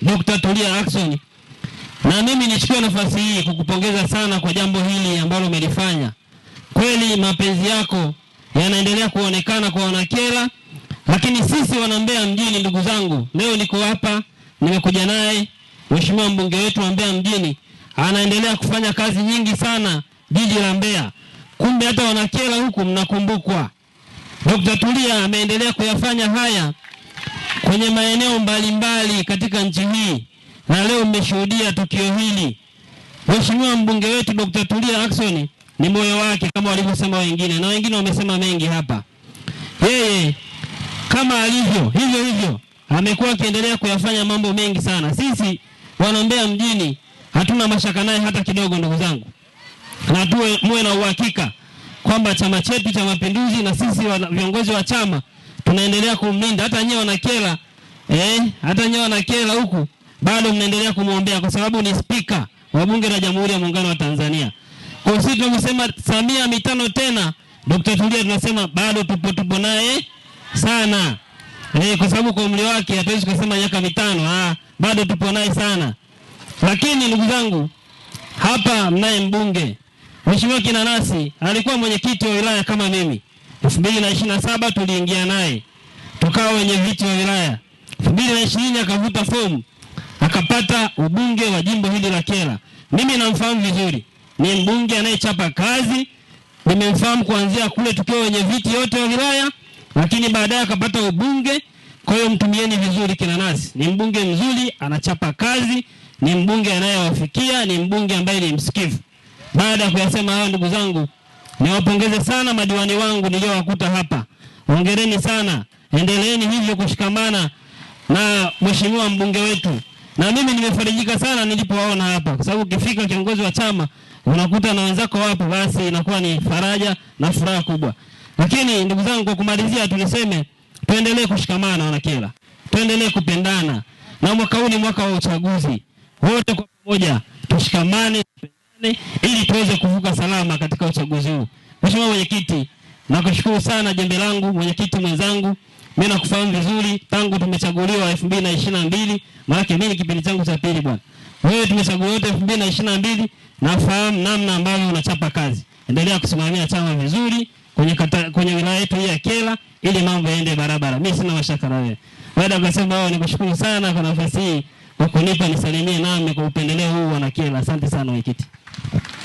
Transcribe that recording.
Dr. Tulia Ackson, na mimi nichukue nafasi hii kukupongeza sana kwa jambo hili ambalo umelifanya. Kweli mapenzi yako yanaendelea kuonekana kwa Wanakela, lakini sisi wanambea mjini, ndugu zangu, leo niko hapa, nimekuja naye mheshimiwa mbunge wetu wa Mbeya mjini, anaendelea kufanya kazi nyingi sana jiji la Mbeya. Kumbe hata Wanakela huku mnakumbukwa. Dr. Tulia ameendelea kuyafanya haya kwenye maeneo mbalimbali mbali katika nchi hii, na leo mmeshuhudia tukio hili. Mheshimiwa mbunge wetu Dr. Tulia Ackson ni moyo wake kama walivyosema wengine, na wengine wamesema mengi hapa. Yeye kama alivyo hivyo hivyo amekuwa akiendelea kuyafanya mambo mengi sana. Sisi wanaombea mjini hatuna mashaka naye hata kidogo, ndugu zangu, na tuwe muwe na uhakika kwamba chama chetu cha Mapinduzi na sisi viongozi wa chama tunaendelea kumlinda. Hata nyewe wanakela eh, hata nyewe wanakela huku bado mnaendelea kumwombea kwa sababu ni spika wa bunge la Jamhuri ya Muungano wa Tanzania. Kwa hiyo sisi tunasema Samia mitano tena, Dr. Tulia tunasema bado tupo tupo naye sana. Eh, kwa sababu kwa umri wake hatuwezi kusema miaka mitano. Ah, bado tupo naye sana. Lakini ndugu zangu, hapa mnaye mbunge Mheshimiwa Kinanasi alikuwa mwenyekiti wa wilaya kama mimi. 2027 tuliingia naye tukawa wenye viti wa wilaya. 2020 akavuta fomu akapata ubunge wa jimbo hili la Kyela. Mimi namfahamu vizuri, ni mbunge anayechapa kazi, nimemfahamu kuanzia kule tukiwa wenye viti yote wa wilaya, lakini baadaye akapata ubunge. Kwa hiyo mtumieni vizuri kina nasi, ni mbunge mzuri, anachapa kazi, ni mbunge anayewafikia, ni mbunge ambaye ni msikivu. Baada ya kuyasema hayo, ndugu zangu Niwapongeze sana madiwani wangu niliowakuta hapa, hongereni sana, endeleeni hivyo kushikamana na mheshimiwa mbunge wetu. Na mimi nimefarijika sana nilipowaona hapa, kwa sababu ukifika kiongozi wa chama unakuta na wenzako wapo, basi inakuwa ni faraja na furaha kubwa. Lakini ndugu zangu, kwa kumalizia, tuniseme tuendelee kushikamana wanaKela, tuendelee kupendana, na mwaka huu ni mwaka wa uchaguzi, wote kwa pamoja tushikamane ili tuweze kuvuka salama katika uchaguzi huu. Mheshimiwa Mwenyekiti, nakushukuru sana jembe langu mwenyekiti mwenzangu. Mimi nakufahamu vizuri tangu tumechaguliwa 2022, maana mimi kipindi changu cha pili bwana. Wewe tumechaguliwa wote 2022, nafahamu namna ambavyo unachapa kazi. Endelea kusimamia chama vizuri kwenye kata, kwenye wilaya yetu ya Kyela ili mambo yaende barabara. Mimi sina mashaka na wewe. Baada ya kusema hao, nikushukuru sana kwa nafasi hii kwa kunipa nisalimie nami kwa upendeleo huu wana Kyela. Asante sana mwenyekiti. Thank you.